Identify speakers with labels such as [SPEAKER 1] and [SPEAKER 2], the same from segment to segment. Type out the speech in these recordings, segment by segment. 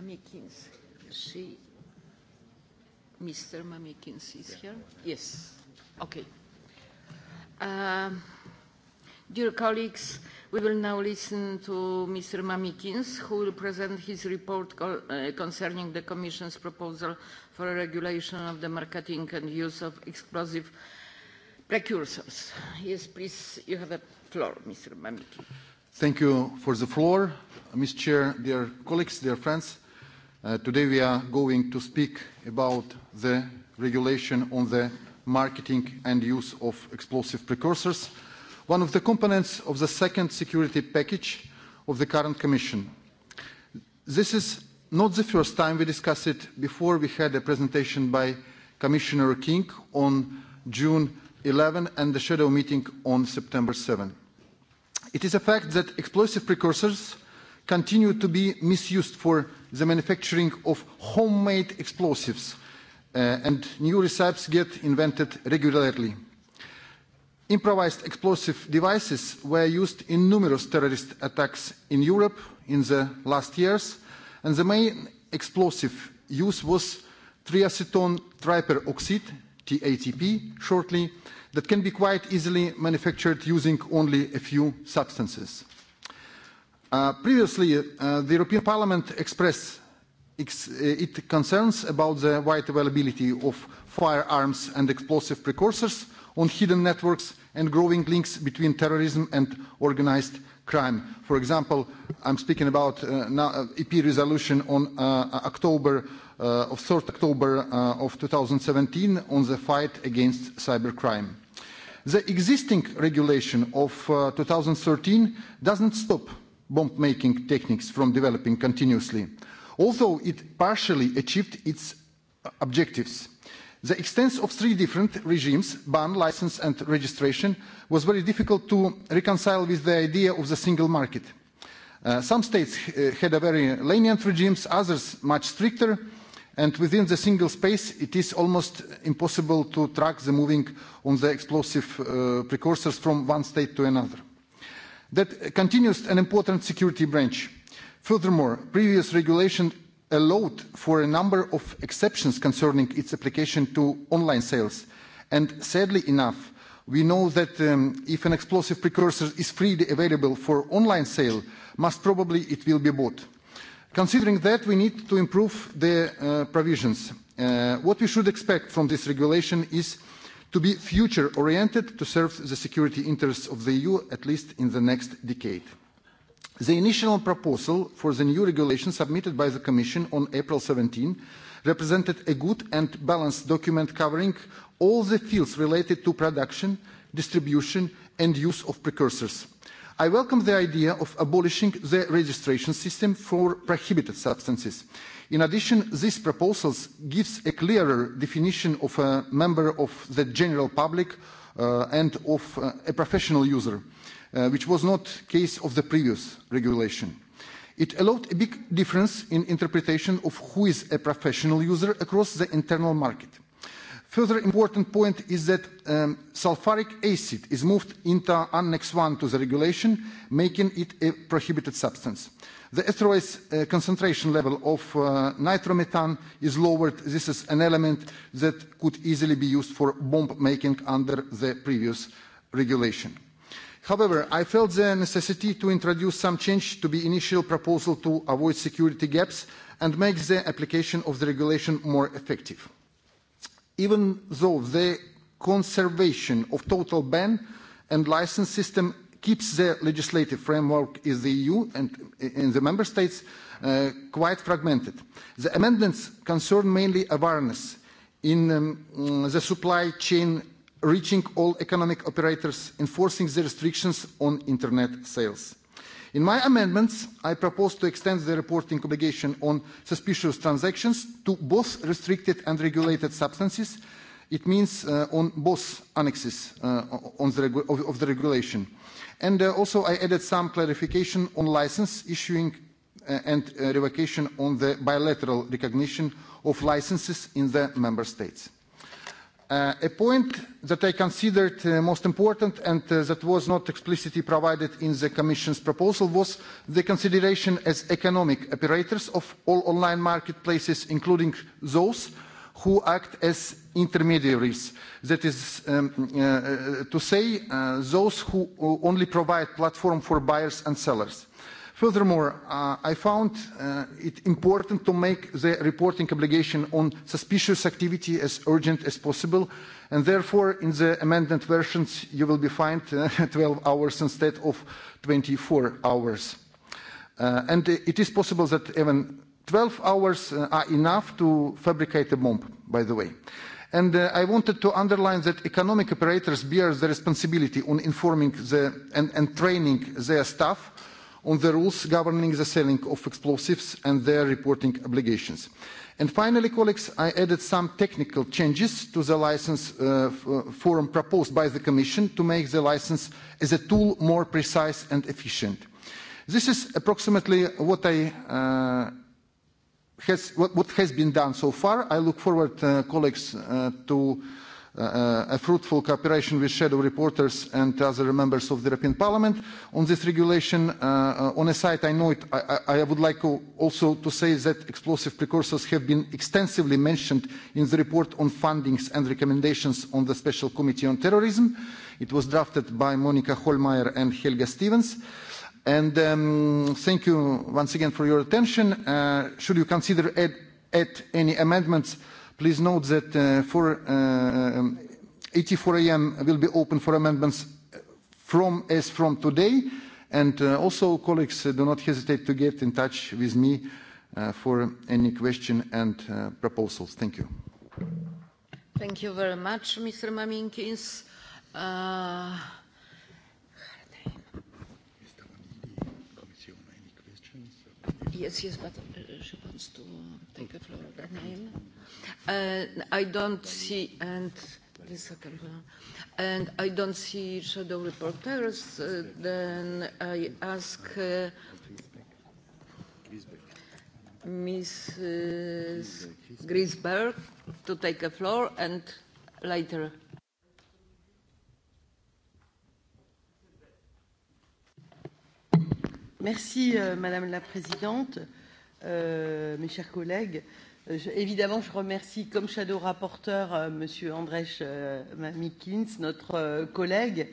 [SPEAKER 1] Mamikins. She, Mr. Mamikins is here? Yes. Okay. Um, dear colleagues, we will now listen to Mr. Mamikins, who will present his report co uh, concerning the Commission's proposal for a regulation of the marketing and use of explosive precursors. Yes, please, you have a floor, Mr. Mamikins.
[SPEAKER 2] Thank you for the floor. Uh, Ms. Chair, dear colleagues, dear friends, Uh, today we are going to speak about the regulation on the marketing and use of explosive precursors, one of the components of the second security package of the current Commission. This is not the first time we discussed it before. We had a presentation by Commissioner King on June 11 and the shadow meeting on September 7. It is a fact that explosive precursors continue to be misused for the manufacturing of homemade explosives uh, and new recipes get invented regularly. Improvised explosive devices were used in numerous terrorist attacks in Europe in the last years, and the main explosive use was triacetone triperoxide, TATP shortly, that can be quite easily manufactured using only a few substances. Uh, previously, uh, the European Parliament expressed ex its uh, concerns about the wide availability of firearms and explosive precursors on hidden networks and growing links between terrorism and organized crime. For example, I'm speaking about uh, now, uh, EP resolution on uh, October uh, of 3rd October uh, of 2017 on the fight against cybercrime. The existing regulation of uh, 2013 doesn't stop bomb-making techniques from developing continuously. Although it partially achieved its objectives, the extent of three different regimes, ban, license and registration, was very difficult to reconcile with the idea of the single market. Uh, some states uh, had a very lenient regimes, others much stricter, and within the single space it is almost impossible to track the moving on the explosive uh, precursors from one state to another. That continues an important security branch. Furthermore, previous regulation allowed for a number of exceptions concerning its application to online sales. And sadly enough, we know that um, if an explosive precursor is freely available for online sale, most probably it will be bought. Considering that, we need to improve the uh, provisions. Uh, what we should expect from this regulation is uh, to be future oriented to serve the security interests of the EU at least in the next decade. The initial proposal for the new regulation submitted by the Commission on April 17 represented a good and balanced document covering all the fields related to production, distribution and use of precursors. I welcome the idea of abolishing the registration system for prohibited substances In addition, these proposals gives a clearer definition of a member of the general public uh, and of uh, a professional user, uh, which was not case of the previous regulation. It allowed a big difference in interpretation of who is a professional user across the internal market. Further important point is that um, sulfuric acid is moved into Annex 1 to the regulation, making it a prohibited substance. Uh, The estuary's uh, concentration level of uh, nitromethane is lowered. This is an element that could easily be used for bomb making under the previous regulation. However, I felt the necessity to introduce some change to the initial proposal to avoid security gaps and make the application of the regulation more effective. Even though the conservation of total ban and license system keeps the legislative framework in the EU and in the Member States uh, quite fragmented. The amendments concern mainly awareness in um, mm, the supply chain reaching all economic operators, enforcing the restrictions on Internet sales. In my amendments, I propose to extend the reporting obligation on suspicious transactions to both restricted and regulated substances. It means uh, on both annexes uh, on the of, of the regulation. And uh, also I added some clarification on license issuing uh, and uh, revocation on the bilateral recognition of licenses in the member states. Uh, a point that I considered uh, most important and uh, that was not explicitly provided in the Commission's proposal was the consideration as economic operators of all online marketplaces, including those who act as intermediaries. That is um, uh, uh, to say, uh, those who uh, only provide platform for buyers and sellers. Furthermore, uh, I found uh, it important to make the reporting obligation on suspicious activity as urgent as possible, and therefore in the amended versions you will be fined uh, 12 hours instead of 24 hours. Uh, and it is possible that even 12 hours uh, are enough to fabricate a bomb, by the way. Uh, And uh, I wanted to underline that economic operators bear the responsibility on informing the, and, and training their staff on the rules governing the selling of explosives and their reporting obligations. And finally, colleagues, I added some technical changes to the license uh, form proposed by the Commission to make the license as a tool more precise and efficient. This is approximately what I uh, has, what, what has been done so far. I look forward, uh, colleagues, uh, to uh, a fruitful cooperation with shadow reporters and other members of the European Parliament on this regulation. Uh, uh on a side, I know it, I, I would like also to say that explosive precursors have been extensively mentioned in the report on fundings and recommendations on the Special Committee on Terrorism. It was drafted by Monica Holmeyer and Helga Stevens. Uh, And um, thank you once again for your attention. Uh, should you consider add, add any amendments, please note that uh, for uh, 84 um, a.m. will be open for amendments uh, from as from today. And uh, also, colleagues, uh, do not hesitate to get in touch with me uh, for any question and uh, proposals. Thank you.
[SPEAKER 1] Thank you very much, Mr. Mamikins. Uh, Yes, yes, but she wants to take the floor again. Uh, e, I don't see, and the second one, and I don't see shadow reporters. Uh, then I ask uh, e, Mrs. Grisberg to take the floor, and later
[SPEAKER 3] Merci euh, Madame la Présidente, euh, mes chers collègues. Euh, je, évidemment, je remercie comme shadow rapporteur euh, Monsieur Andrés euh, Mamikins, notre euh, collègue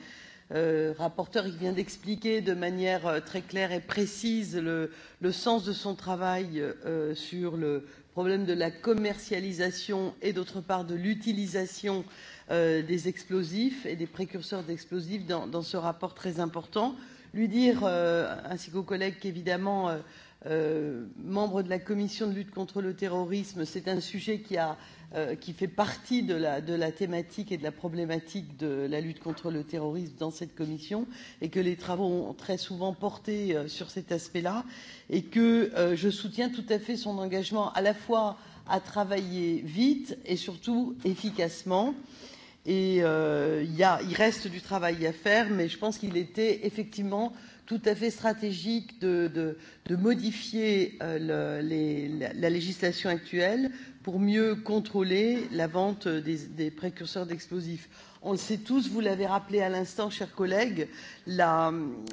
[SPEAKER 3] euh, rapporteur, il vient d'expliquer de manière euh, très claire et précise le, le sens de son travail euh, sur le problème de la commercialisation et d'autre part de l'utilisation euh, des explosifs et des précurseurs d'explosifs dans, dans ce rapport très important. Euh, lui dire, euh, ainsi qu'aux collègues, qu'évidemment, euh, euh, membre de la commission de lutte contre le terrorisme, c'est un sujet qui, a, euh, qui fait partie de la, de la thématique et de la problématique de la lutte contre le terrorisme dans cette commission, et que les travaux ont très souvent porté euh, sur cet aspect-là, et que euh, je soutiens tout à fait son engagement à la fois à travailler vite et surtout efficacement. Euh, Et euh, y a, il reste du travail à faire, mais je pense qu'il était effectivement tout à fait stratégique de, de, de modifier euh, le, les, la, la législation actuelle pour mieux contrôler la vente des, des précurseurs d'explosifs. On le sait tous, vous l'avez rappelé à l'instant, chers collègues, la,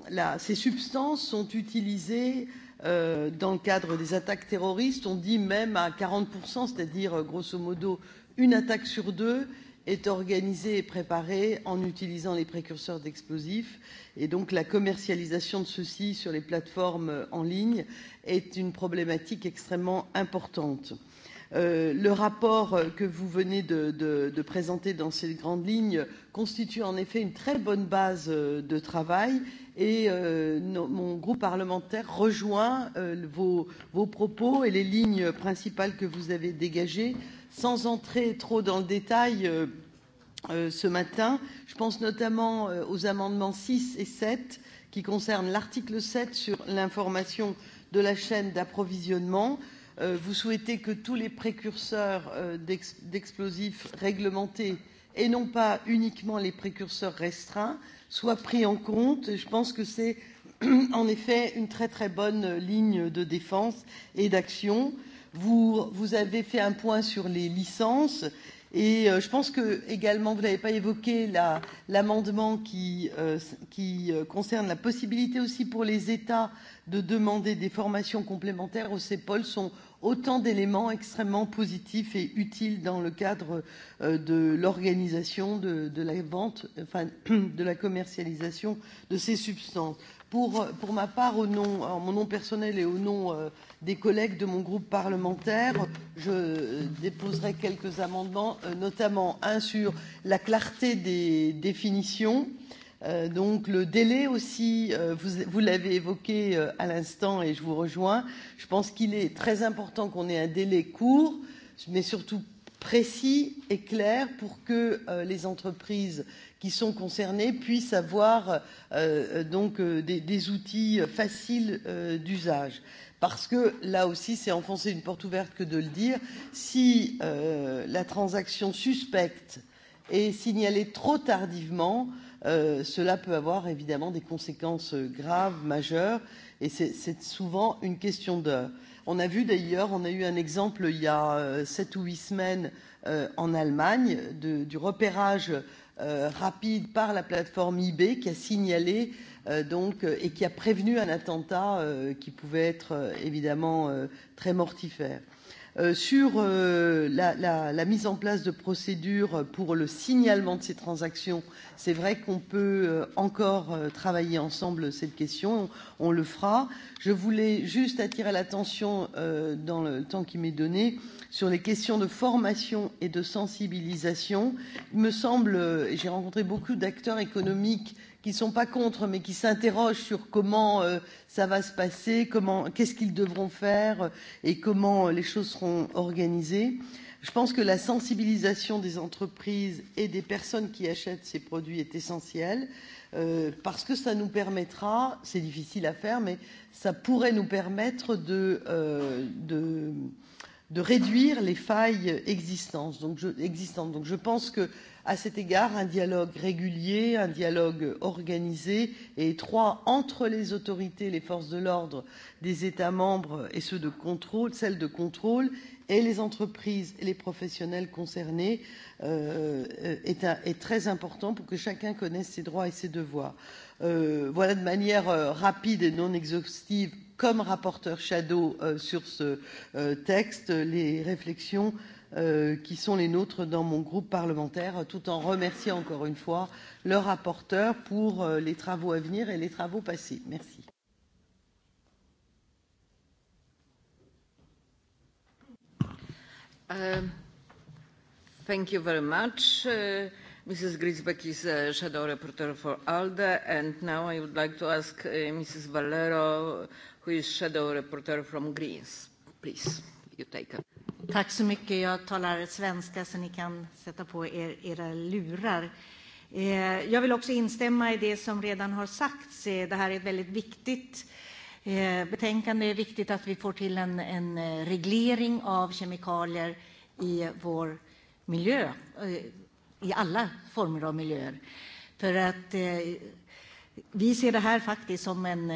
[SPEAKER 3] la, ces substances sont utilisées euh, dans le cadre des attaques terroristes, on dit même à 40%, c'est-à-dire grosso modo une attaque sur deux est organisée et préparée en utilisant les précurseurs d'explosifs et donc la commercialisation de ceux-ci sur les plateformes en ligne est une problématique extrêmement importante. Euh, le rapport que vous venez de, de, de présenter dans ses grandes lignes constitue en effet une très bonne base euh, de travail et euh, no, mon groupe parlementaire rejoint euh, vos, vos propos et les lignes principales que vous avez dégagées sans entrer trop dans le détail euh, euh, ce matin, je pense notamment euh, aux amendements 6 et 7 qui concerne l'article 7 sur l'information de la chaîne d'approvisionnement. Vous souhaitez que tous les précurseurs d'explosifs réglementés et non pas uniquement les précurseurs restreints soient pris en compte. Je pense que c'est en effet une très très bonne ligne de défense et d'action. Euh, Vous, vous avez fait un point sur les licences. Et euh, je pense que également vous n'avez pas évoqué l'amendement la, qui, euh, qui euh, concerne la possibilité aussi pour les États de demander des formations complémentaires au CEPOL sont autant d'éléments extrêmement positifs et utiles dans le cadre euh, de l'organisation de, de la vente, enfin de la commercialisation de ces substances. Pour, pour ma part, au nom, en mon nom personnel et au nom euh, des collègues de mon groupe parlementaire, je déposerai quelques amendements, euh, notamment un sur la clarté des définitions. Euh, donc le délai aussi, euh, vous, vous l'avez évoqué euh, à l'instant et je vous rejoins. Je pense qu'il est très important qu'on ait un délai court, mais surtout précis et clair pour que euh, les entreprises qui sont concernés puissent avoir euh, euh donc euh, des, des outils euh, faciles euh, d'usage. Parce que là aussi, c'est enfoncer une porte ouverte que de le dire. Si euh, la transaction suspecte est signalée trop tardivement, euh, cela peut avoir évidemment des conséquences euh, graves, majeures, et c'est souvent une question d'heure. On a vu d'ailleurs, on a eu un exemple il y a sept ou huit semaines euh, en Allemagne de, du repérage euh, euh, rapide par la plateforme eBay qui a signalé euh, donc euh, et qui a prévenu un attentat euh, qui pouvait être euh, évidemment euh, très mortifère euh, sur euh, la, la, la mise en place de procédures pour le signalement de ces transactions. C'est vrai qu'on peut euh, encore euh, travailler ensemble cette question. On, on le fera. Je voulais juste attirer l'attention euh, dans le temps qui m'est donné sur les questions de formation et de sensibilisation. Il me semble, euh, et j'ai rencontré beaucoup d'acteurs économiques qui ne sont pas contre, mais qui s'interrogent sur comment euh, ça va se passer, comment, qu'est-ce qu'ils devront faire euh, et comment euh, les choses seront organisées. Je pense que la sensibilisation des entreprises et des personnes qui achètent ces produits est essentielle euh, parce que ça nous permettra, c'est difficile à faire, mais ça pourrait nous permettre de, euh, de, de réduire les failles existantes. Donc je, existantes. Donc je pense que à cet égard un dialogue régulier, un dialogue organisé et étroit entre les autorités et les forces de l'ordre des États membres et ceux de contrôle, celles de contrôle et les entreprises et les professionnels concernés euh, est, un, est très important pour que chacun connaisse ses droits et ses devoirs. Euh, voilà de manière euh, rapide et non exhaustive comme rapporteur shadow euh, sur ce euh, texte les réflexions euh, qui sont les nôtres dans mon groupe parlementaire, tout en remerciant encore une fois le rapporteur pour euh, les travaux à venir et les travaux passés. Merci. Uh,
[SPEAKER 1] thank you very much. Uh, Mrs. Grisbeck is a shadow rapporteur for ALDE, and now I would like to ask uh, Mrs. Valero, who is shadow rapporteur from Greens. Please, you take it.
[SPEAKER 4] Tack så mycket. Jag talar svenska så ni kan sätta på er era lurar. Eh, jag vill också instämma i det som redan har sagts. Eh, det här är ett väldigt viktigt eh, betänkande. Det är viktigt att vi får till en, en eh, reglering av kemikalier i vår miljö, eh, i alla former av miljöer. För att eh, vi ser det här faktiskt som en...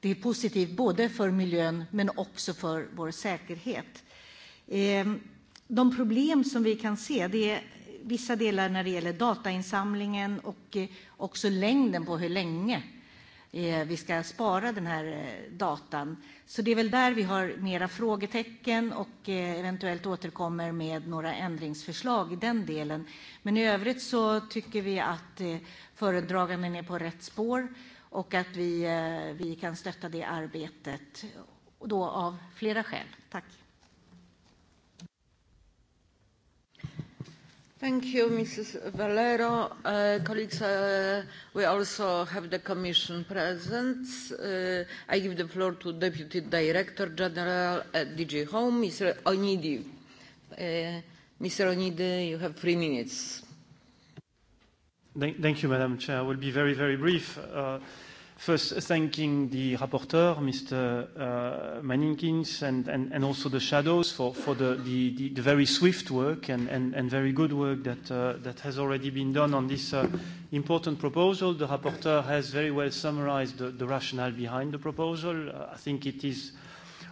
[SPEAKER 4] Det är positivt både för miljön men också för vår säkerhet. Ehm, de problem som vi kan se det är vissa delar när det gäller datainsamlingen och eh, också längden på hur länge eh, vi ska spara den här eh, datan. Så det är väl där vi har mera frågetecken och eventuellt återkommer med några ändringsförslag i den delen. Men i övrigt så tycker vi att föredraganden är på rätt spår och att vi kan stötta det arbetet,
[SPEAKER 1] av flera skäl. Thank you, Mrs. Valero. Uh, colleagues, uh, we also have the Commission present. Uh, I give the floor to Deputy Director General at DG Home, Mr. Onidi. Uh, Mr. Onidi, you have three minutes.
[SPEAKER 5] Thank, thank you, Madam Chair. I will be very, very brief. Uh, First, uh, thanking the rapporteur, Mr. Uh, Maninkins, and, and, and also the shadows for, for the, the, the, the very swift work and, and, and very good work that, uh, that has already been done on this uh, important proposal. The rapporteur has very well summarized the, the rationale behind the proposal. Uh, I think it is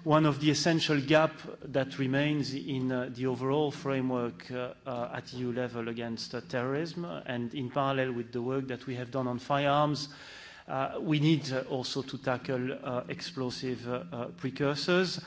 [SPEAKER 5] one of the essential gap that remains in uh, the overall framework uh, uh, at EU level against uh, terrorism, and in parallel with the work that we have done on firearms, uh, Uh, we need uh, also to tackle uh, explosive uh, uh, precursors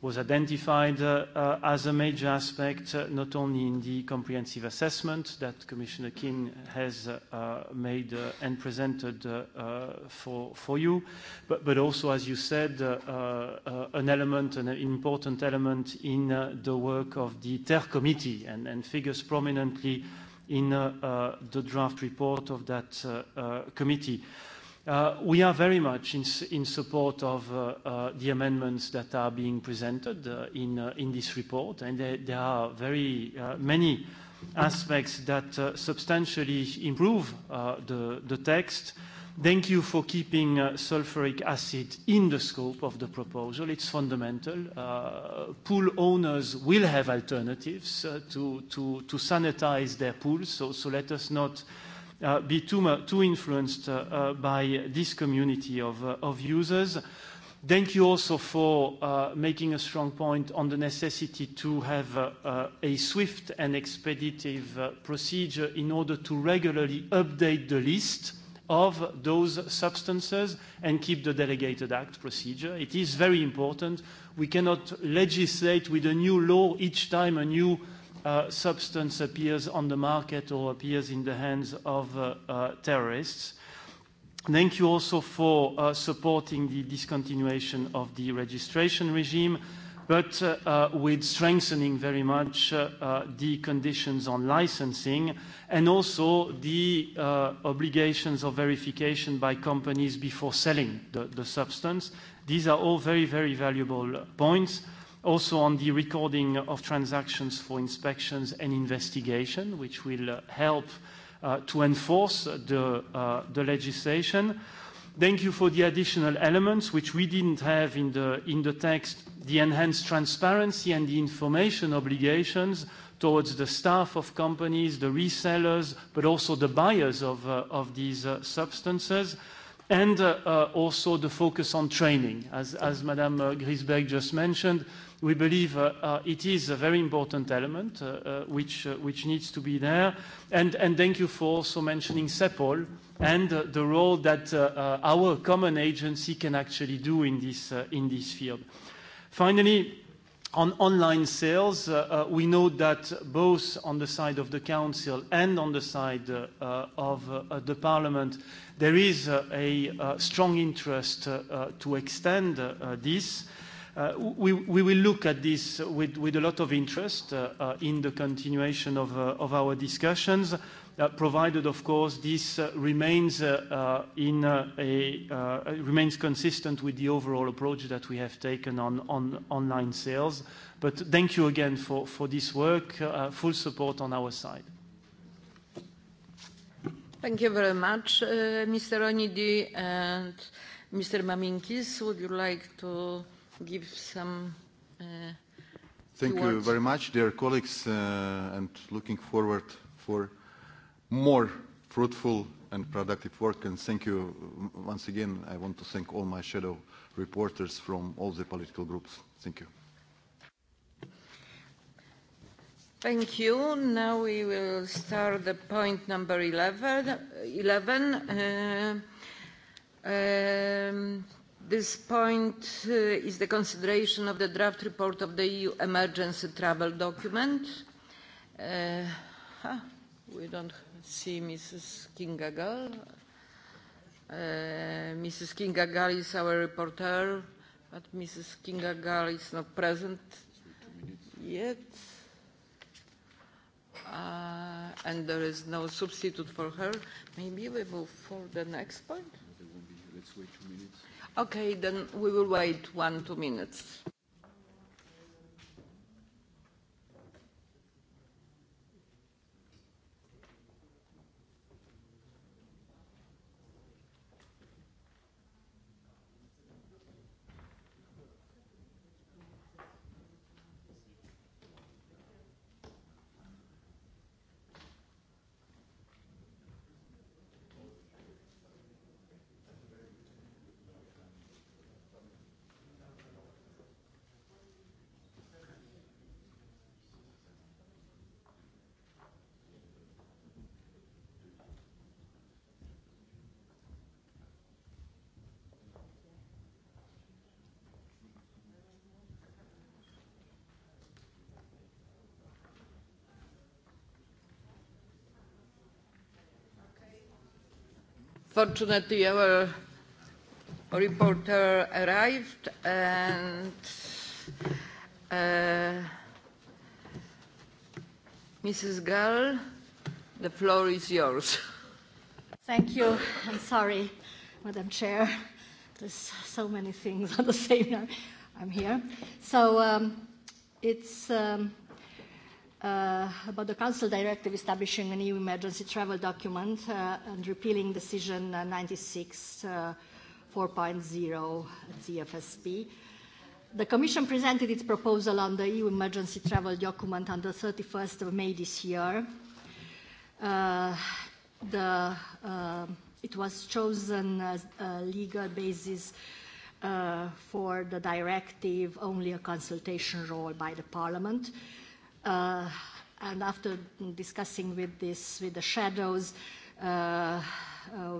[SPEAKER 5] was identified uh, uh, as a major aspect, uh, not only in the comprehensive assessment that Commissioner King has uh, uh, made uh, and presented uh, uh, for, for you, but, but also, as you said, uh, uh, uh, an element, an important element in uh, the work of the TER committee and, and figures prominently in uh, uh, the draft report of that uh, uh, committee. Uh, Uh, we are very much in, in support of uh, uh, the amendments that are being presented uh, in, uh, in this report, and there, there are very uh, many aspects that substantially improve the, the text. Thank you for keeping sulfuric acid in the scope of the proposal. It's fundamental. Pool owners will have alternatives to, to, to sanitize their pools, so, so let us not uh, be too, uh, too influenced uh, uh, by this community of, uh, of users. Thank you also for uh, making a strong point on the necessity to have uh, uh, a swift and expeditive uh, procedure in order to regularly update the list of those substances and keep the delegated act procedure. It is very important. We cannot legislate with a new law each time a new uh, uh, substance appears on the market or appears in the hands of uh, uh, terrorists. Thank you also for uh, supporting the discontinuation of the registration regime, but uh, uh, with strengthening very much uh, uh, the conditions on licensing and also the uh, obligations of verification by companies before selling the, the substance. These are all very, very valuable points. Uh, also on the recording of transactions for inspections and investigation, which will uh, help uh, to enforce the, uh, the legislation. Thank you for the additional elements which we didn't have in the, in the text, the enhanced transparency and the information obligations towards the staff of companies, the resellers, but also the buyers of, uh, of these uh, substances and uh, uh, also the focus on training. As, as Madame uh, Grisberg just mentioned, we believe uh, uh, it is a very important element uh, uh, which, uh, which needs to be there. And, and thank you for also mentioning CEPOL and uh, the role that uh, uh, our common agency can actually do in this, uh, in this field. Finally, On online sales, uh, uh, we know that both on the side of the council and on the side uh, of the parliament, there is a strong interest to extend this. Uh, we, we will look at this with, with a lot of interest uh, uh, in the continuation of, of our discussions uh, provided, of course, this uh, remains, uh, uh, in, uh, a, uh, remains consistent with the overall approach that we have taken on, on online sales. But thank you again for, for this work. Uh, full support on our side.
[SPEAKER 1] Thank you very much, uh, Mr. Onidi and Mr. Mamikis. Would you like to give some uh, Thank you words? very
[SPEAKER 2] much, dear colleagues, uh, and looking forward for more fruitful and productive work. And thank you uh, once again. I want to thank all my shadow reporters from all the political groups. Thank you.
[SPEAKER 1] Thank you. Now we will start the point number 11. 11. Uh, um, this point uh, is the consideration of the draft report of the EU emergency travel document. Uh, huh, we don't have see Mrs. Kinga Gall. Uh, Mrs. Kinga Gall is our reporter, but Mrs. Kinga Gall is not present yet. Uh, and there is no substitute for her. Maybe we move for the next point?
[SPEAKER 6] No, there won't be. Let's wait two minutes.
[SPEAKER 1] Okay, then we will wait one, two minutes. Fortunately, our reporter arrived and uh, Mrs. Gall, the floor is yours. Thank you.
[SPEAKER 7] I'm sorry, Madam Chair. There's so many things on the same. I'm here. So um, it's um, uh, about the Council Directive establishing an EU emergency travel document uh, and repealing Decision 96 uh, 4.0 uh, CFSP. The Commission presented its proposal on the EU emergency travel document on the 31st of May this year. Uh, the, uh, it was chosen as a legal basis uh, for the directive, only a consultation role by the Parliament. Uh, Uh, and after discussing with this, with the shadows, uh, uh,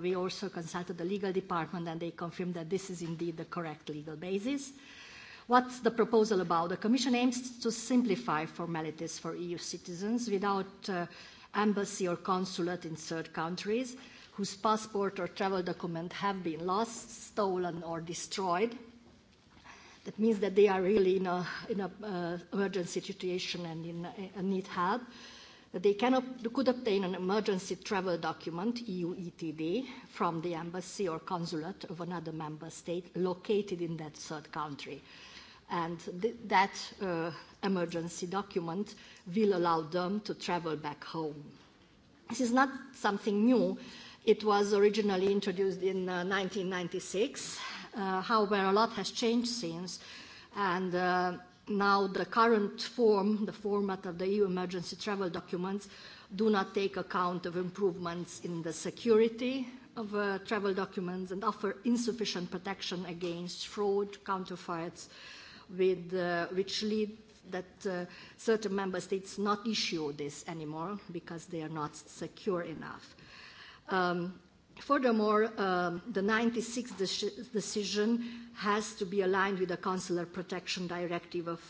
[SPEAKER 7] we also consulted the legal department and they confirmed that this is indeed the correct legal basis. What's the proposal about? The Commission aims to simplify formalities for EU citizens without uh, embassy or consulate in third countries whose passport or travel document have been lost, stolen or destroyed. Uh, That means that they are really in a, in a uh, emergency situation and in a, uh, need help. They cannot, they could obtain an emergency travel document, EU ETD, from the embassy or consulate of another member state located in that third country. And th that uh, emergency document will allow them to travel back home. This is not something new. It was originally introduced in uh, 1996 Uh, however, a lot has changed since, and uh, now the current form, the format of the EU emergency travel documents, do not take account of improvements in the security of uh, travel documents and offer insufficient protection against fraud, counterfeits, with, uh, which lead that uh, certain member states not issue this anymore because they are not secure enough. Um, Furthermore, um, the 96 de- decision has to be aligned with the Consular Protection Directive of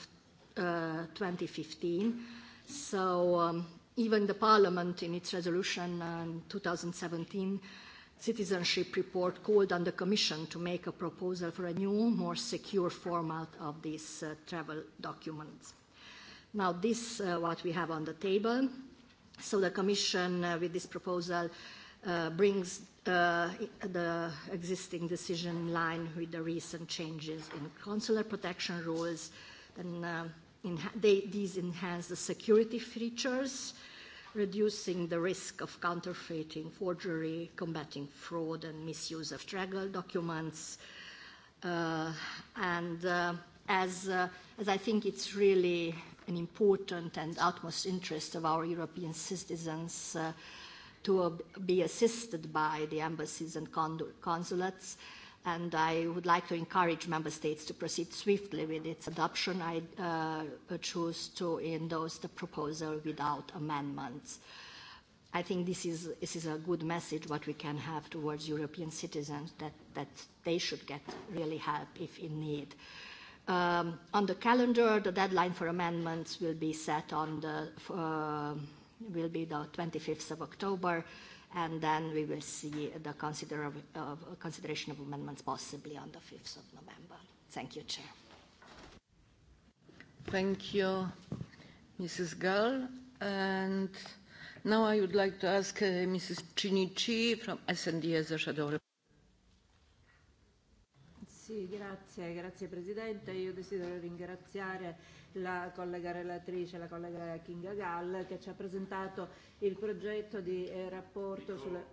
[SPEAKER 7] uh, 2015. So um, even the Parliament in its resolution in 2017 citizenship report called on the Commission to make a proposal for a new, more secure format of these uh, travel documents. Now this uh, what we have on the table. So the Commission uh, with this proposal uh, brings uh, the existing decision in line with the recent changes in consular protection rules. And uh, enha- they, these enhance the security features, reducing the risk of counterfeiting, forgery, combating fraud and misuse of straggled documents. Uh, and uh, as, uh, as I think it's really an important and utmost interest of our European citizens, uh, to uh, be assisted by the embassies and consulates. And I would like to encourage member states to proceed swiftly with its adoption. I uh, choose to endorse the proposal without amendments. I think this is, this is a good message what we can have towards European citizens that, that they should get really help if in need. Um, on the calendar, the deadline for amendments will be set on the uh, will be the 25th of October, and then we will see the consider of, uh, consideration of amendments possibly on the 5th of November. Thank you, Chair.
[SPEAKER 1] Thank you, Mrs. Gall. And now I would like to ask uh, Mrs. Chinichi from SND as a shadow
[SPEAKER 8] Sì, grazie, grazie Presidente. Io desidero ringraziare la collega relatrice, la collega Kinga Gall, che ci ha presentato il progetto di eh, rapporto Micro. sulla...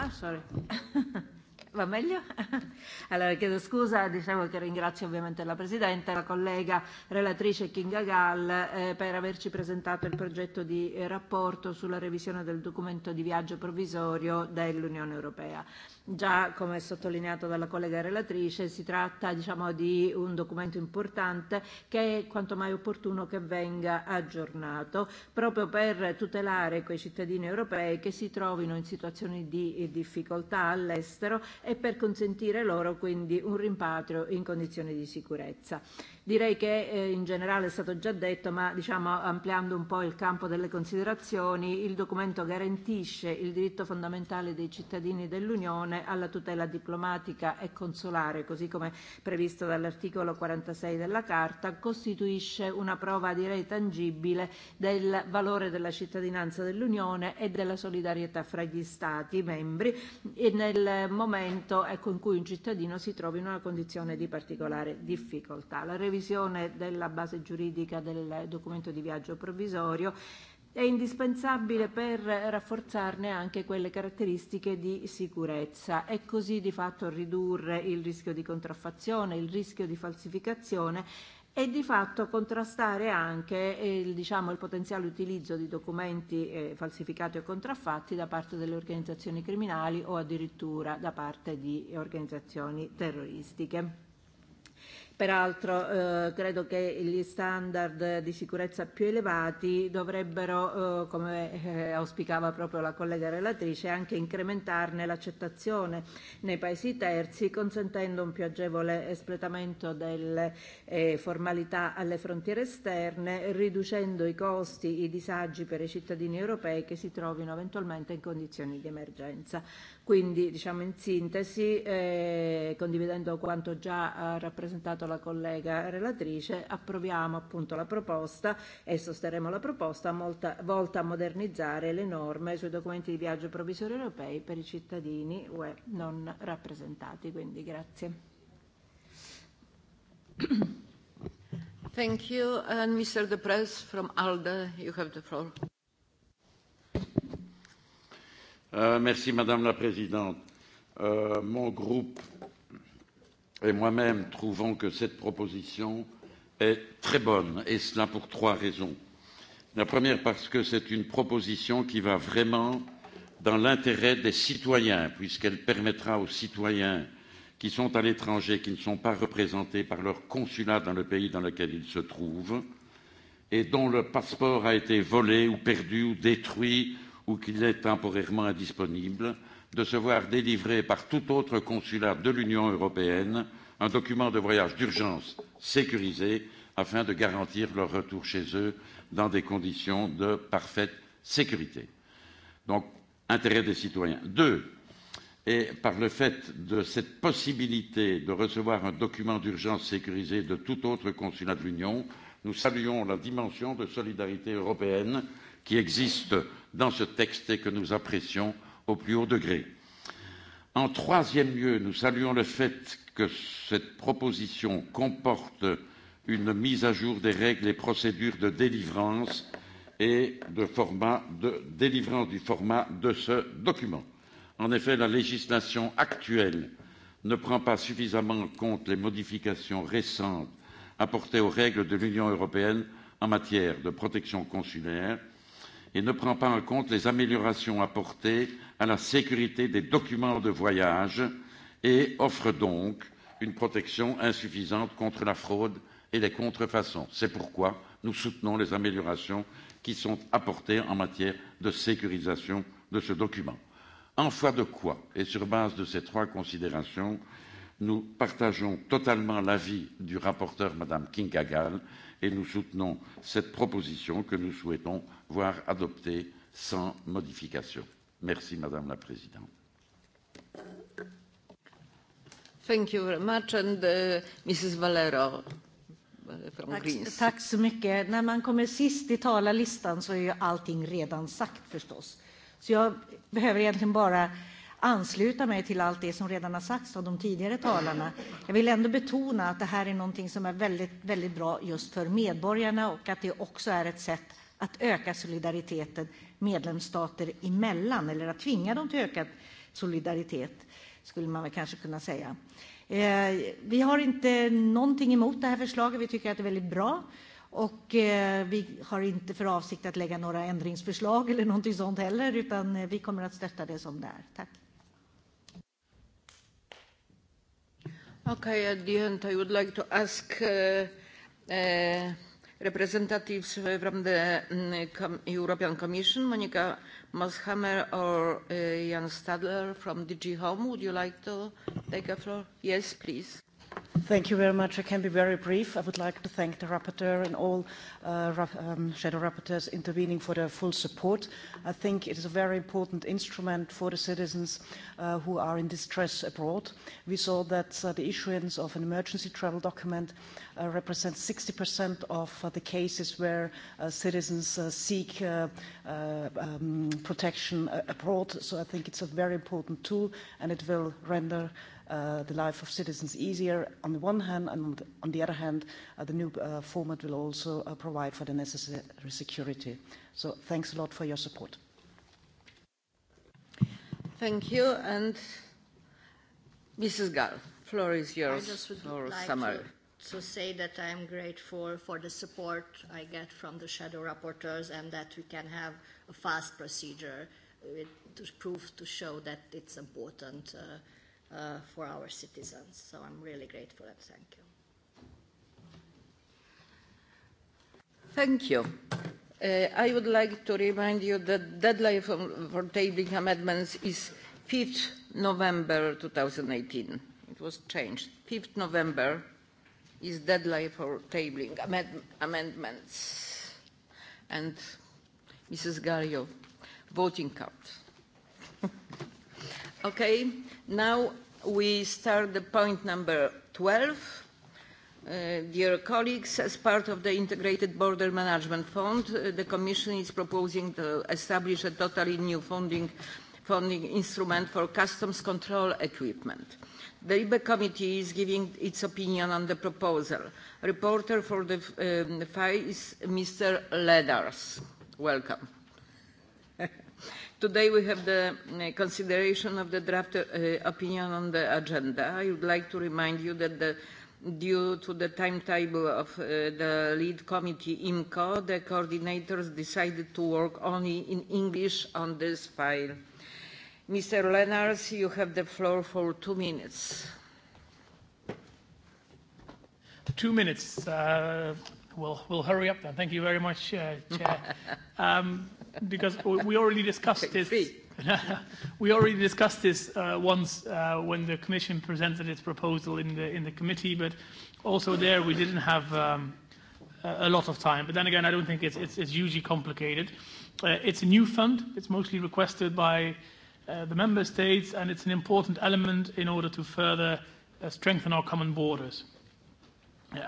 [SPEAKER 8] Ah, sorry. Va meglio? Allora chiedo scusa, diciamo che ringrazio ovviamente la Presidente, la collega relatrice Kinga Gall eh, per averci presentato il progetto di eh, rapporto sulla revisione del documento di viaggio provvisorio dell'Unione Europea. Già come sottolineato dalla collega relatrice si tratta diciamo, di un documento importante che è quanto mai opportuno che venga aggiornato proprio per tutelare quei cittadini europei che si trovino in situazioni di eh, difficoltà all'estero e per consentire loro quindi un rimpatrio in condizioni di sicurezza. Direi che eh, in generale è stato già detto, ma diciamo, ampliando un po' il campo delle considerazioni, il documento garantisce il diritto fondamentale dei cittadini dell'Unione alla tutela diplomatica e consolare, così come previsto dall'articolo 46 della Carta, costituisce una prova direi tangibile del valore della cittadinanza dell'Unione e della solidarietà fra gli Stati membri e nel momento ecco, in cui un cittadino si trovi in una condizione di particolare difficoltà. La revisione della base giuridica del documento di viaggio provvisorio è indispensabile per rafforzarne anche quelle caratteristiche di sicurezza e così di fatto ridurre il rischio di contraffazione, il rischio di falsificazione e di fatto contrastare anche eh, il, diciamo, il potenziale utilizzo di documenti eh, falsificati o contraffatti da parte delle organizzazioni criminali o addirittura da parte di organizzazioni terroristiche. Peraltro eh, credo che gli standard di sicurezza più elevati dovrebbero, eh, come eh, auspicava proprio la collega relatrice, anche incrementarne l'accettazione nei paesi terzi, consentendo un più agevole espletamento delle eh, formalità alle frontiere esterne, riducendo i costi, i disagi per i cittadini europei che si trovino eventualmente in condizioni di emergenza. Quindi, diciamo in sintesi, eh, condividendo quanto già ha rappresentato la collega relatrice, approviamo appunto la proposta e sosterremo la proposta molta, volta a modernizzare le norme sui documenti di viaggio provvisori europei per i cittadini UE
[SPEAKER 1] non rappresentati. Quindi grazie. Thank you. And Mr. Deprez from ALDE, you have the floor.
[SPEAKER 9] Euh, merci, Madame la Présidente. Euh, mon groupe et moi-même trouvons que cette proposition est très bonne, et cela pour trois raisons. La première, parce que c'est une proposition qui va vraiment dans l'intérêt des citoyens, puisqu'elle permettra aux citoyens qui sont à l'étranger, qui ne sont pas représentés par leur consulat dans le pays dans lequel ils se trouvent, et dont le passeport a été volé ou perdu ou détruit ou qu'il est temporairement indisponible, de se voir délivrer par tout autre consulat de l'Union européenne un document de voyage d'urgence sécurisé, afin de garantir leur retour chez eux dans des conditions de parfaite sécurité. Donc, intérêt des citoyens. Deux, et par le fait de cette possibilité de recevoir un document d'urgence sécurisé de tout autre consulat de l'Union, nous saluons la dimension de solidarité européenne qui existe dans ce texte et que nous apprécions au plus haut degré. En troisième lieu, nous saluons le fait que cette proposition comporte une mise à jour des règles et procédures de délivrance et de, format, de délivrance du format de ce document. En effet, la législation actuelle ne prend pas suffisamment en compte les modifications récentes apportées aux règles de l'Union européenne en matière de protection consulaire, et ne prend pas en compte les améliorations apportées à la sécurité des documents de voyage et offre donc une protection insuffisante contre la fraude et les contrefaçons. C'est pourquoi nous soutenons les améliorations qui sont apportées en matière de sécurisation de ce document. En foi de quoi, et sur base de ces trois considérations, nous partageons totalement l'avis du rapporteur, Mme Kinga Gall, et nous soutenons cette proposition que nous souhaitons voir adoptée sans modification. Merci Madame la Présidente.
[SPEAKER 1] Thank you very much and uh, Mrs Valero. Tack, tack så mycket. När man kommer sist i talarlistan så är ju allting
[SPEAKER 4] redan sagt förstås. Så jag behöver egentligen bara ansluta mig till allt det som redan har sagts av de tidigare talarna. Jag vill ändå betona att det här är någonting som är väldigt, väldigt bra just för medborgarna och att det också är ett sätt att öka solidariteten medlemsstater emellan, eller att tvinga dem till ökad solidaritet, skulle man kanske kunna säga. Eh, vi har inte någonting emot det här förslaget. Vi tycker att det är väldigt bra. Och eh, vi har inte för avsikt att lägga några ändringsförslag eller någonting sådant heller, utan eh, vi kommer att stötta det som det är.
[SPEAKER 1] Okay, at the end, I would like to ask uh, uh, representatives from the um, com European Commission, Monica Moshammer or uh, Jan Stadler from DG Home. Would you like to take a floor? Yes, please.
[SPEAKER 4] Thank you very much. I can be very brief. I would like to thank the rapporteur and all uh, um, shadow rapporteurs intervening for their full support. I think it is a very important instrument for the citizens uh, who are in distress abroad. We saw that uh, the issuance of an emergency travel document uh, represents 60% of uh, the cases where uh, citizens uh, seek uh, uh, um, protection uh, abroad. So I think it's a very important tool and it will render uh, uh, the life of citizens easier on the one hand, and on the, on the other hand, uh, the new uh, format will also uh, provide for the necessary security. So thanks a lot for
[SPEAKER 1] your support. Thank you. And Mrs. Gall, floor is yours I just would for like summary. To to say that I am
[SPEAKER 7] grateful for the support I get from the shadow rapporteurs and that we can have a fast procedure with, to prove, to show that it's important uh, uh, for our citizens. So I'm really grateful and thank
[SPEAKER 1] you. Thank you. Uh, I would like to remind you that deadline for, for tabling amendments is 5th November 2018. It was changed. 5th November is deadline for tabling amend amendments. And Mrs. Gario, voting card. okay, now we start the point number 12. Uh, dear colleagues, as part of the Integrated Border Management Fund, uh, the Commission is proposing to establish a totally new funding, funding instrument for customs control equipment. The IBE committee is giving its opinion on the proposal. Reporter for the um, file is Mr. Ledars. Welcome. Today we have the uh, consideration of the draft uh, opinion on the agenda. I would like to remind you that the, due to the timetable of uh, the lead committee, IMCO, the coordinators decided to work only in English on this file. Mr. Lennars, you have the floor for two minutes.
[SPEAKER 10] Two minutes. Uh, we'll, we'll hurry up then. Thank you very much, uh, Chair. um, because we already discussed this. we already discussed this uh, once uh, when the Commission presented its proposal in the in the committee, but also there we didn't have um, a lot of time. But then again, I don't think it's it's, it's hugely complicated. Uh, it's a new fund. It's mostly requested by uh, the member states, and it's an important element in order to further uh, strengthen our common borders.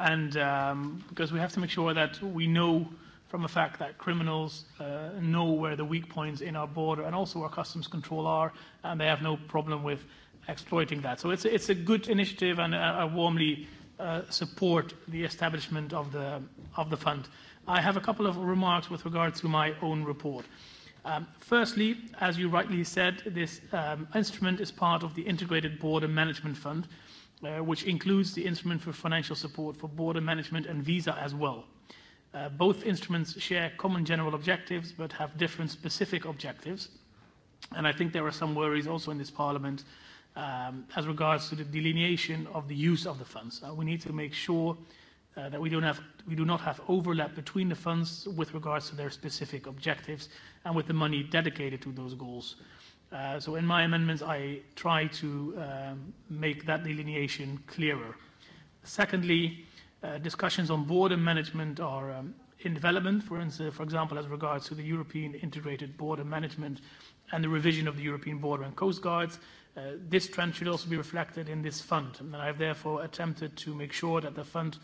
[SPEAKER 10] And um, because we have to make sure that we know from the fact that criminals uh, know where the weak points in our border and also our customs control are, and they have no problem with exploiting that. So it's, it's a good initiative, and I warmly uh, support the establishment of the, of the fund. I have a couple of remarks with regard to my own report. Um, firstly, as you rightly said, this um, instrument is part of the Integrated Border Management Fund, uh, which includes the instrument for financial support for border management and visa as well. Uh, both instruments share common general objectives but have different specific objectives. And I think there are some worries also in this parliament um, as regards to the delineation of the use of the funds. Uh, we need to make sure uh, that we, don't have, we do not have overlap between the funds with regards to their specific objectives and with the money dedicated to those goals. Uh, so in my amendments, I try to um, make that delineation clearer. Secondly, uh, discussions on border management are um, in development, for instance, uh, for example, as regards to the European integrated border management and the revision of the European border and coast guards. Uh, this trend should also be reflected in this fund, and I have therefore attempted to make sure that the fund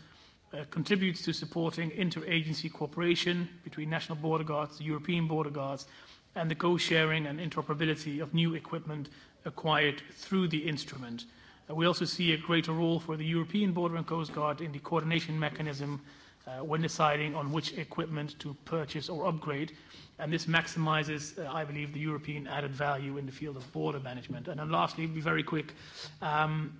[SPEAKER 10] uh, contributes to supporting interagency cooperation between national border guards, the European border guards, and the co-sharing and interoperability of new equipment acquired through the instrument. Uh, Uh, we also see a greater role for the European Border and Coast Guard in the coordination mechanism uh, when deciding on which equipment to purchase or upgrade. And this maximizes, uh, I believe, the European added value in the field of border management. And then lastly, be very quick, um,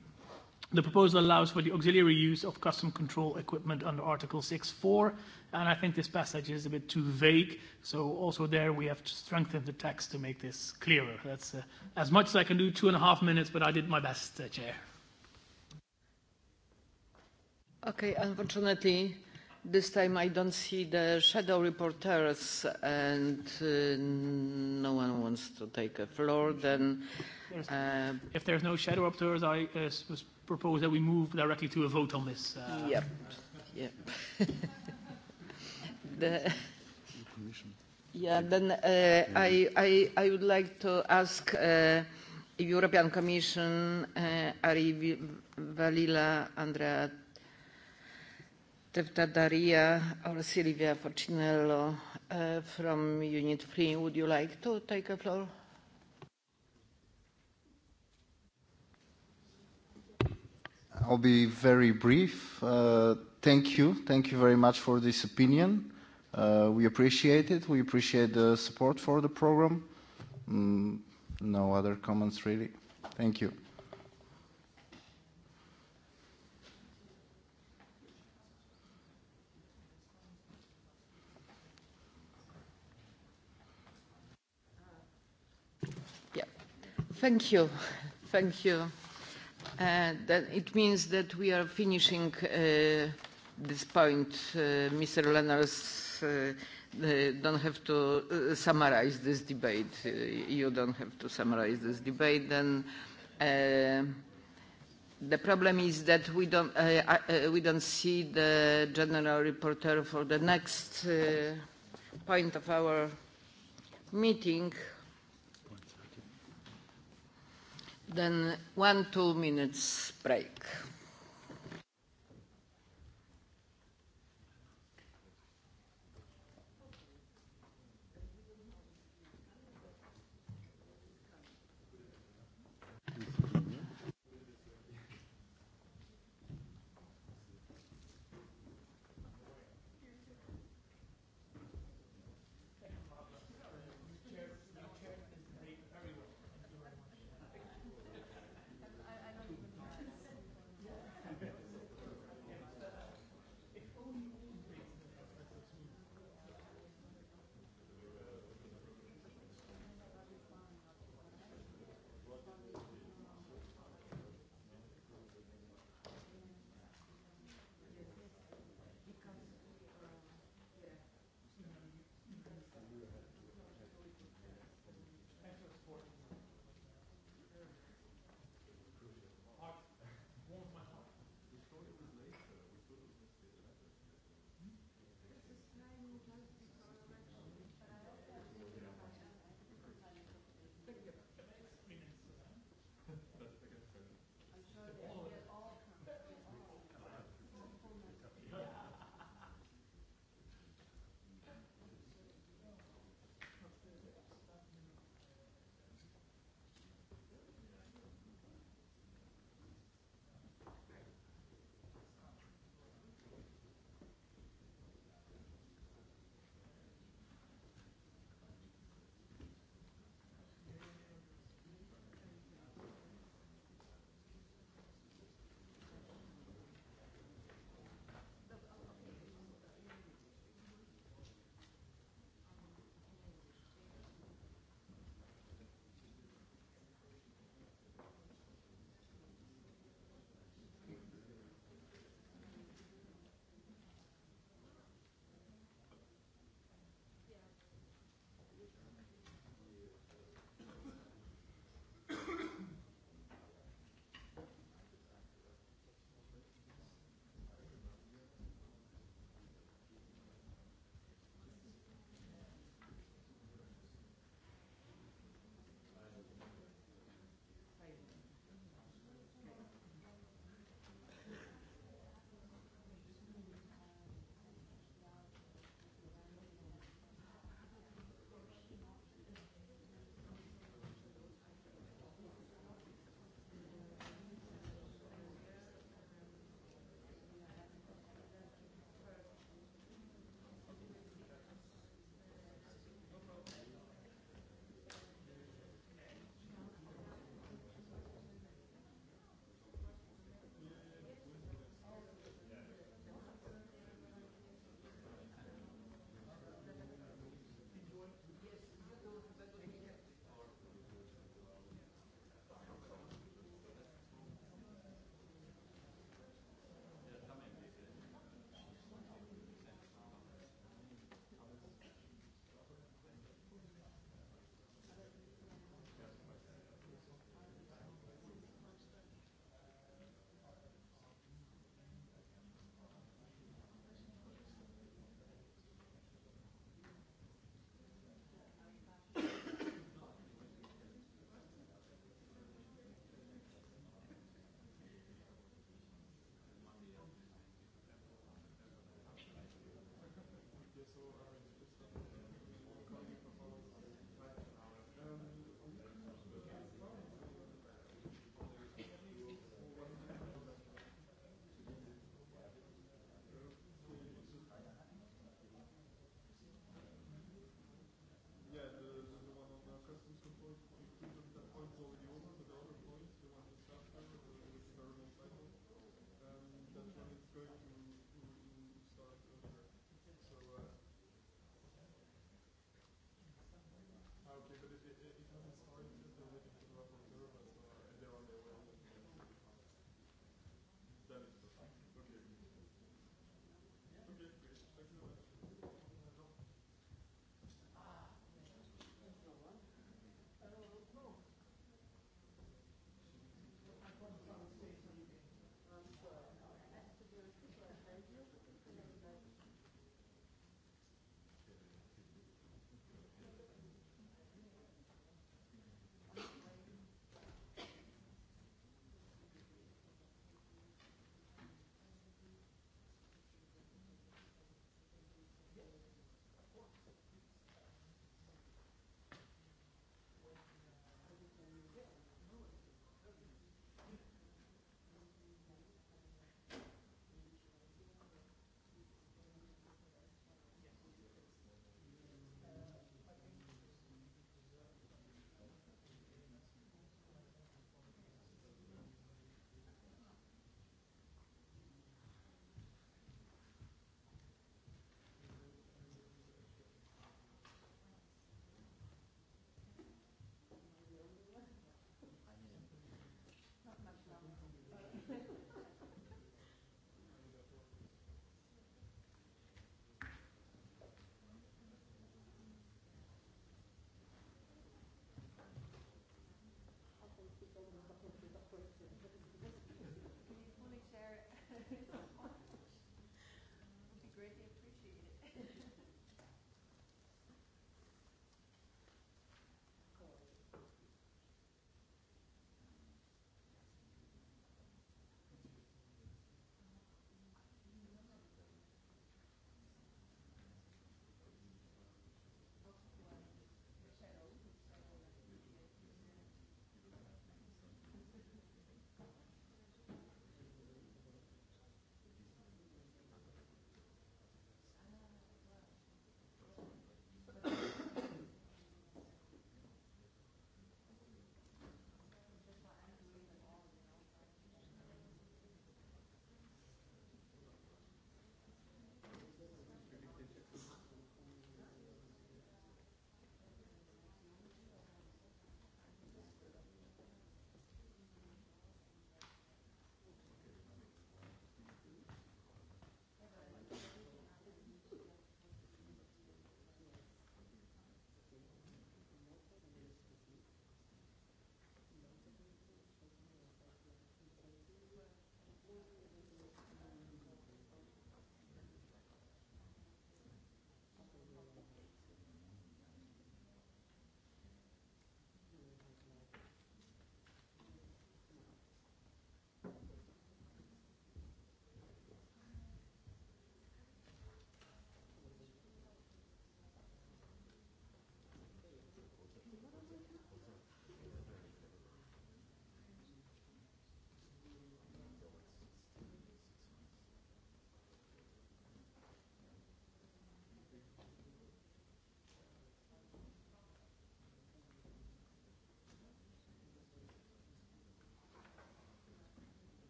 [SPEAKER 10] the proposal allows for the auxiliary use of custom control equipment under Article 6.4 and I think this passage is a bit too vague, so also there we have to strengthen the text to make this clearer. That's uh, as much as I can do, two and a half minutes, but I did my best, uh, Chair.
[SPEAKER 1] Okay, unfortunately, this time I don't see the shadow reporters and uh, no one wants to take a floor, then...
[SPEAKER 10] Uh, if there's no shadow reporters, I uh, propose that we move directly to a vote on this. Uh, yep, yep. the
[SPEAKER 2] Commission.
[SPEAKER 1] Yeah, then uh, I, I, I would like to ask uh, European Commission, uh, Ari Valila, Andrea Teftadaria, or Silvia Forcinello uh, from Unit 3. Would you like to take a floor?
[SPEAKER 2] I'll be very brief. Uh, thank you. Thank you very much for this opinion. Uh, we appreciate it. We appreciate the support for the program. Mm, no other comments, really. Thank you.
[SPEAKER 1] Yeah. Thank you. Thank you. Uh, that it means that we are finishing uh, this point, uh, Mr. Lennart's Uh, uh, don't have to uh, summarize this debate. Uh, you don't have to summarize this debate. And uh, the problem is that we don't, uh, uh, we don't see the general reporter for the next uh, point of our meeting. Then one, two minutes break.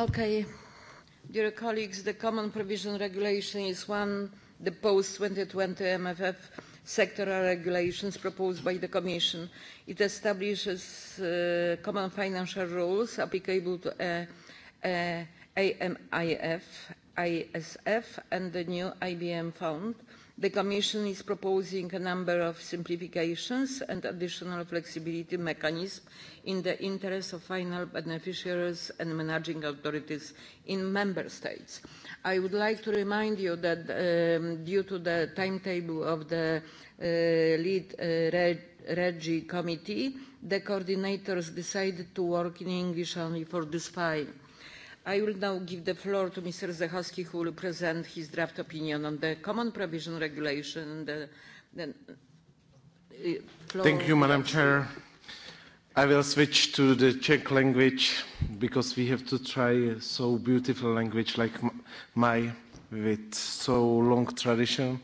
[SPEAKER 1] Okay. Dear colleagues, the Common Provision Regulation is one, the post-2020 MFF sectoral regulations proposed by the Commission. It establishes uh, common financial rules applicable to uh, uh, AMIF, ISF and the new IBM fund. Uh, the commission is proposing a number of simplifications and additional flexibility mechanisms in the interests of final beneficiaries and managing authorities in member states. i would like to remind you that um, due to the timetable of the uh, lead uh, regi committee the coordinators decided to work in english only for this file I will now give the floor to Mr. Zechowski, who will present his draft opinion on the Common Provision Regulation. The, the uh, floor Thank you, Madam
[SPEAKER 11] Chair. I will switch to the Czech language because we have to try so beautiful language like my with so long tradition.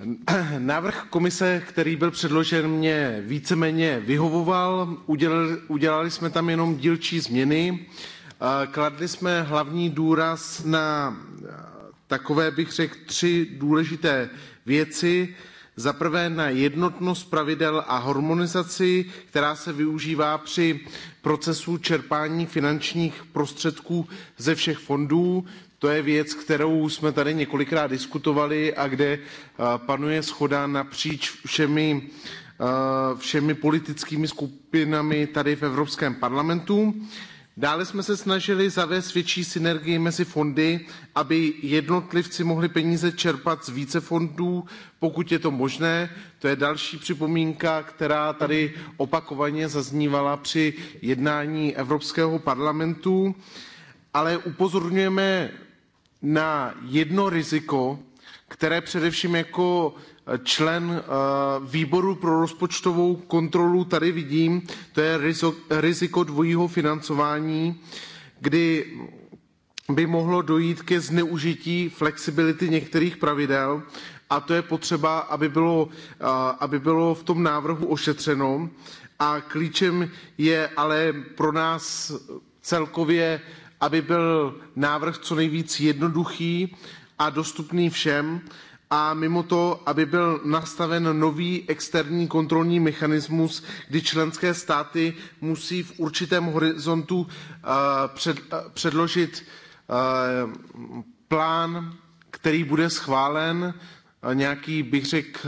[SPEAKER 11] Návrh komise, který byl předložen, mě víceméně vyhovoval. Udělali, udělali jsme tam jenom dílčí změny. Kladli jsme hlavní důraz na eh, takové, bych řekl, tři důležité věci. Za prvé na jednotnost pravidel a harmonizaci, která se využívá při procesu čerpání finančních prostředků ze všech fondů. To je věc, kterou jsme tady několikrát diskutovali a kde eh, panuje schoda napříč všemi, eh, všemi politickými skupinami tady v Evropském parlamentu. Dále jsme se snažili zavést větší synergii mezi fondy, aby jednotlivci mohli peníze čerpat z více fondů, pokud je to možné. To je další připomínka, která tady opakovaně zaznívala při jednání Evropského parlamentu. Ale upozorňujeme na jedno riziko, které především jako eh, člen eh, výboru pro rozpočtovou kontrolu tady vidím, to je riziko dvojího financování, kdy by mohlo dojít ke zneužití flexibility některých pravidel a to je potřeba, aby bylo, eh, aby bylo v tom návrhu ošetřeno. A klíčem je ale pro nás celkově aby byl návrh co nejvíc jednoduchý a dostupný všem a mimo to, aby byl nastaven nový externí kontrolní mechanismus, kdy členské státy musí v určitém horizontu uh, před, uh, předložit uh, plán, který bude schválen, nějaký, bych řekl,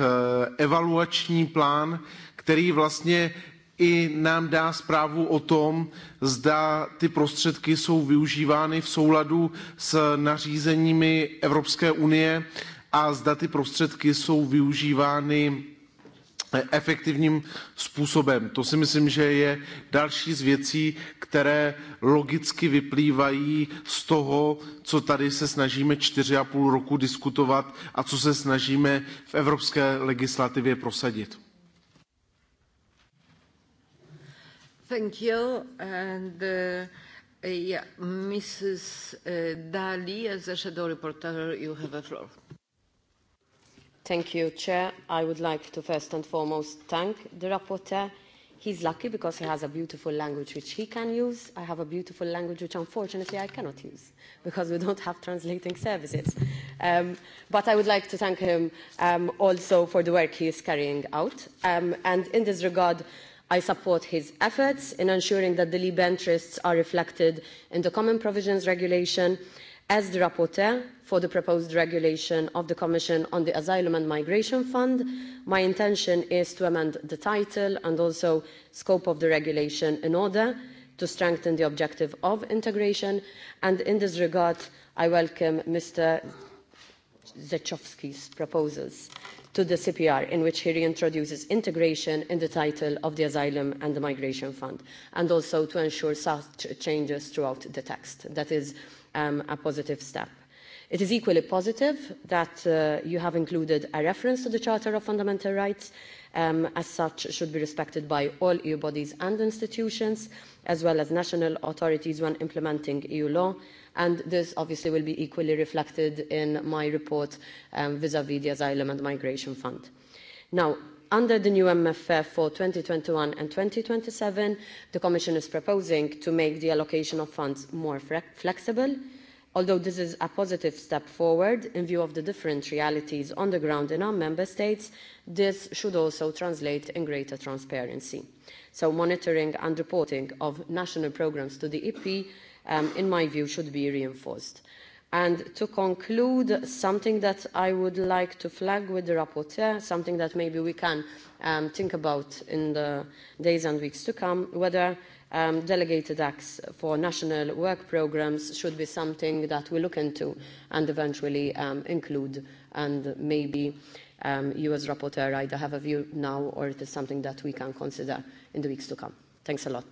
[SPEAKER 11] evaluační plán, který vlastně i nám dá zprávu o tom, zda ty prostředky jsou využívány v souladu s nařízeními Evropské unie a zda ty prostředky jsou využívány eh, efektivním způsobem. To si myslím, že je další z věcí, které logicky vyplývají z toho, co tady se snažíme čtyři a půl roku diskutovat a co se snažíme v evropské legislativě prosadit.
[SPEAKER 1] Thank you. And uh, yeah, Mrs. Uh, Dali, as the shadow reporter, you have the floor.
[SPEAKER 12] Thank you, Chair. I would like to first and foremost thank the rapporteur. He's lucky because he has a beautiful language which he can use. I have a beautiful language which unfortunately I cannot use because we don't have translating services. Um, but I would like to thank him um, also for the work he is carrying out. Um, and in this regard, I support his efforts in ensuring that the Libe interests are reflected in the Common Provisions Regulation as the rapporteur for the proposed regulation of the Commission on the Asylum and Migration Fund. My intention is to amend the title and also scope of the regulation in order to strengthen the objective of integration. And in this regard, I welcome Mr. Zechowski's proposals to the CPR, in which he reintroduces integration in the title of the Asylum and the Migration Fund, and also to ensure such changes throughout the text. That is um, a positive step. It is equally positive that uh, you have included a reference to the Charter of Fundamental Rights, um, as such should be respected by all EU bodies and institutions, as well as national authorities when implementing EU law, And this obviously will be equally reflected in my report um, vis-à-vis -vis the Asylum and Migration Fund. Now, under the new MFF for 2021 and 2027, the Commission is proposing to make the allocation of funds more flexible, although this is a positive step forward in view of the different realities on the ground in our member states, this should also translate in greater transparency. So monitoring and reporting of national programs to the EP um, in my view, should be reinforced. And to conclude, something that I would like to flag with the rapporteur, something that maybe we can um, think about in the days and weeks to come, whether um, delegated acts for national work programs should be something that we look into and eventually um, include and maybe um, you as rapporteur either have a view now or it is something that we can consider in the weeks to come. Thanks a lot.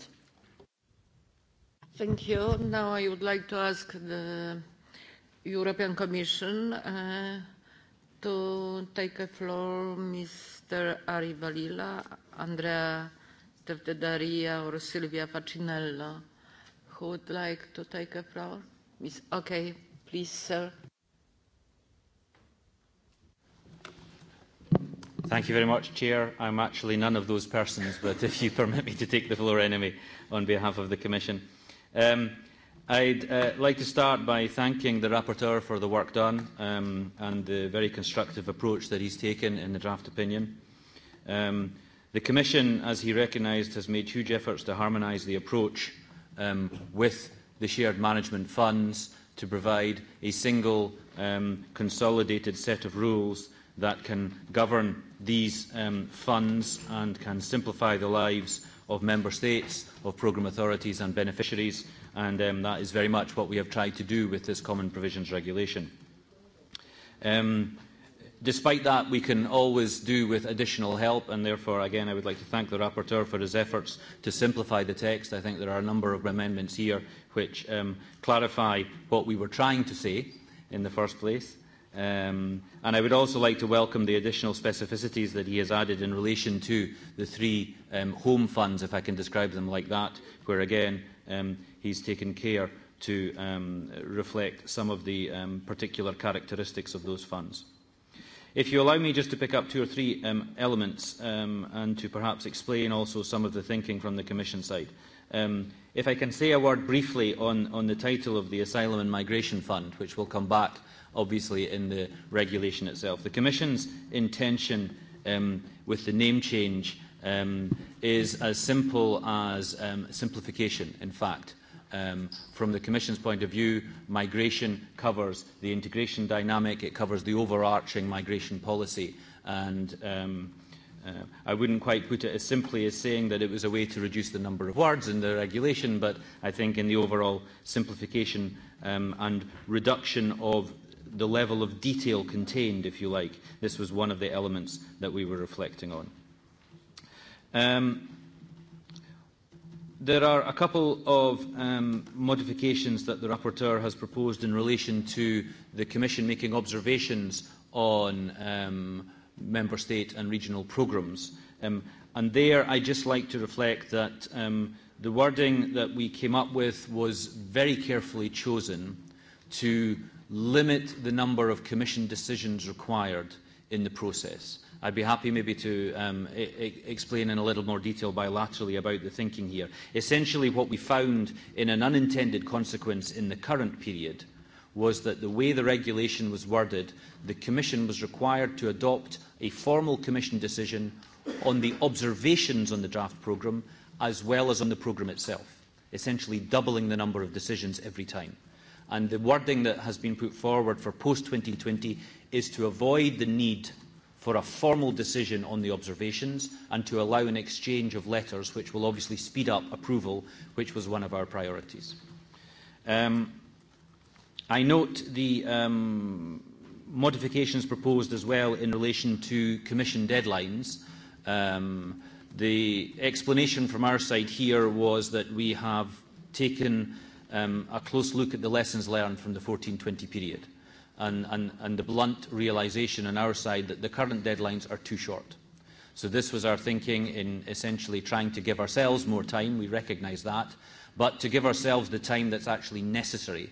[SPEAKER 1] Thank you. Now I would like to ask the European Commission uh, to take the floor, Mr. Ari Valila, Andrea Teftedaria, or Silvia Facinello. Who would like to take the floor? Miss, okay, please, sir.
[SPEAKER 13] Thank you very much, Chair. I'm actually none of those persons, but if you permit me to take the floor anyway on behalf of the Commission. Um, I'd uh, like to start by thanking the rapporteur for the work done um, and the very constructive approach that he's taken in the draft opinion. Um, the Commission, as he recognised, has made huge efforts to harmonise the approach um, with the shared management funds to provide a single um, consolidated set of rules that can govern these um, funds and can simplify the lives of member states, of programme authorities and beneficiaries, and um, that is very much what we have tried to do with this common provisions regulation. Um, despite that, we can always do with additional help, and therefore, again, I would like to thank the rapporteur for his efforts to simplify the text. I think there are a number of amendments here which um, clarify what we were trying to say in the first place Um, and I would also like to welcome the additional specificities that he has added in relation to the three um, home funds, if I can describe them like that, where again um, he's taken care to um, reflect some of the um, particular characteristics of those funds. If you allow me just to pick up two or three um, elements um, and to perhaps explain also some of the thinking from the Commission side. Um, if I can say a word briefly on, on the title of the Asylum and Migration Fund, which will come back obviously in the regulation itself. The Commission's intention um, with the name change um, is as simple as um, simplification, in fact. Um, from the Commission's point of view, migration covers the integration dynamic, it covers the overarching migration policy, and um, uh, I wouldn't quite put it as simply as saying that it was a way to reduce the number of words in the regulation, but I think in the overall simplification um, and reduction of the level of detail contained, if you like. This was one of the elements that we were reflecting on. Um, there are a couple of um, modifications that the rapporteur has proposed in relation to the Commission making observations on um, member state and regional programmes. Um, and there I'd just like to reflect that um, the wording that we came up with was very carefully chosen to limit the number of Commission decisions required in the process. I'd be happy maybe to um, e, e explain in a little more detail bilaterally about the thinking here. Essentially, what we found in an unintended consequence in the current period was that the way the regulation was worded, the Commission was required to adopt a formal Commission decision on the observations on the draft programme as well as on the programme itself, essentially doubling the number of decisions every time. And the wording that has been put forward for post-2020 is to avoid the need for a formal decision on the observations and to allow an exchange of letters, which will obviously speed up approval, which was one of our priorities. Um, I note the um, modifications proposed as well in relation to commission deadlines. Um, the explanation from our side here was that we have taken um, a close look at the lessons learned from the 1420 period and, and, and the blunt realization on our side that the current deadlines are too short. So this was our thinking in essentially trying to give ourselves more time, we recognize that, but to give ourselves the time that's actually necessary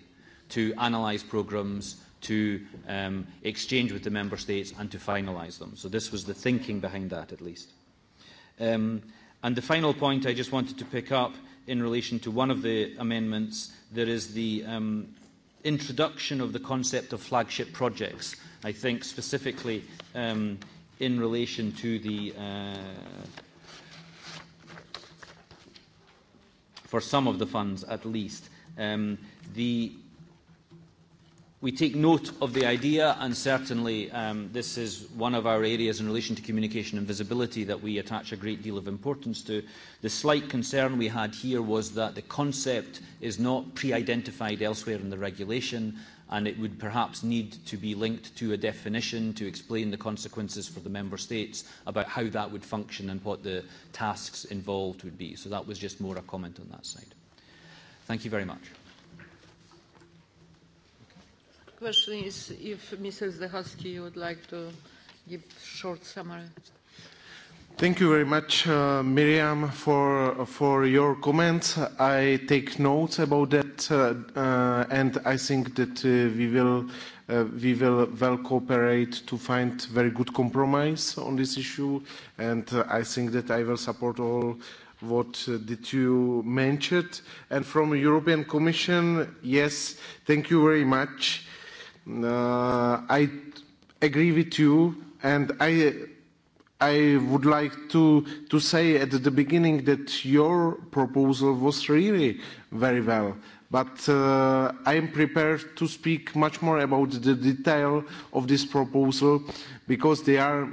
[SPEAKER 13] to analyze programs, to um, exchange with the member states and to finalize them. So this was the thinking behind that at least. Um, And the final point I just wanted to pick up in relation to one of the amendments, there is the um, introduction of the concept of flagship projects. I think specifically um, in relation to the uh, for some of the funds at least. Um, the We take note of the idea, and certainly um, this is one of our areas in relation to communication and visibility that we attach a great deal of importance to. The slight concern we had here was that the concept is not pre-identified elsewhere in the regulation, and it would perhaps need to be linked to a definition to explain the consequences for the member states about how that would function and what the tasks involved would be. So that was just more a comment on that side. Thank you very much
[SPEAKER 1] question is if Mr. Zdechowski, you would like to give short summary.
[SPEAKER 11] Thank you very much, uh, Miriam, for, uh, for your comments. I take notes about that, uh, uh, and I think that uh, we, will, uh, we will well cooperate to find very good compromise on this issue, and uh, I think that I will support all what uh, did you mentioned. And from European Commission, yes, thank you very much Uh, I agree with you, and I I would like to to say at the beginning that your proposal was really very well, but uh, I am prepared to speak much more about the detail of this proposal because there are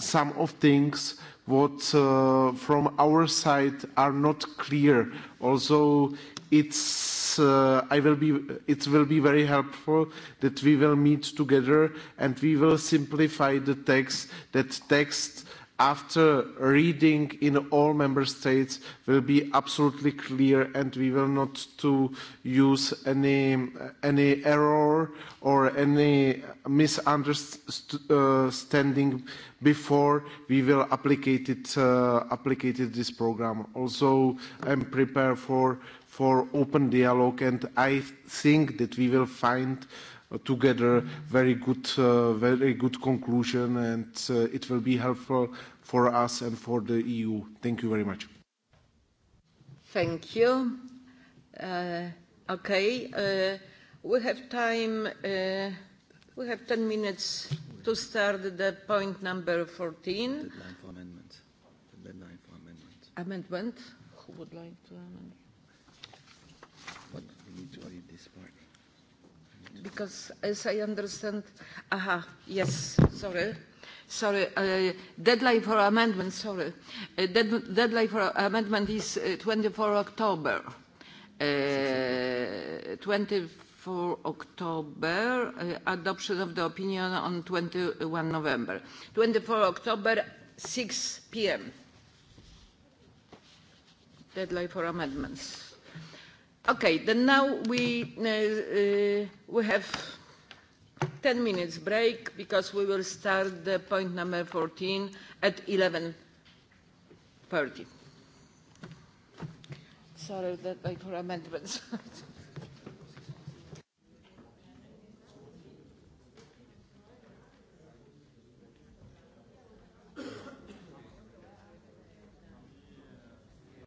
[SPEAKER 11] some of things what uh, from our side are not clear. Also, it's uh, I will be it will be very helpful that we will meet together and we will simplify the text that text after reading in all member states will be absolutely clear and we will not to use any any error or any misunderstanding before we will applicate it uh, applicate it this program also i'm prepared for for open dialogue, and I think that we will find uh, together very good, uh, very good conclusion, and uh, it will be helpful for us and for the EU. Thank you very much.
[SPEAKER 1] Thank you. Uh, okay, uh, we have time. Uh, we have 10 minutes to start the point number 14. Deadline
[SPEAKER 3] for amendment. The deadline for amendment.
[SPEAKER 1] Amendment? Who would like to amend? this part? Because as I understand, aha, yes, sorry. Sorry, uh, deadline for amendment, sorry. Uh, dead, deadline for amendment is uh, 24 October. Uh, 24 October, uh, adoption of the opinion on 21 November. 24 October, 6 p.m. Deadline for amendments. Okay, then now we, uh, uh, we have 10 minutes break because we will start the point number 14 at 11.30. Sorry that I for amendments.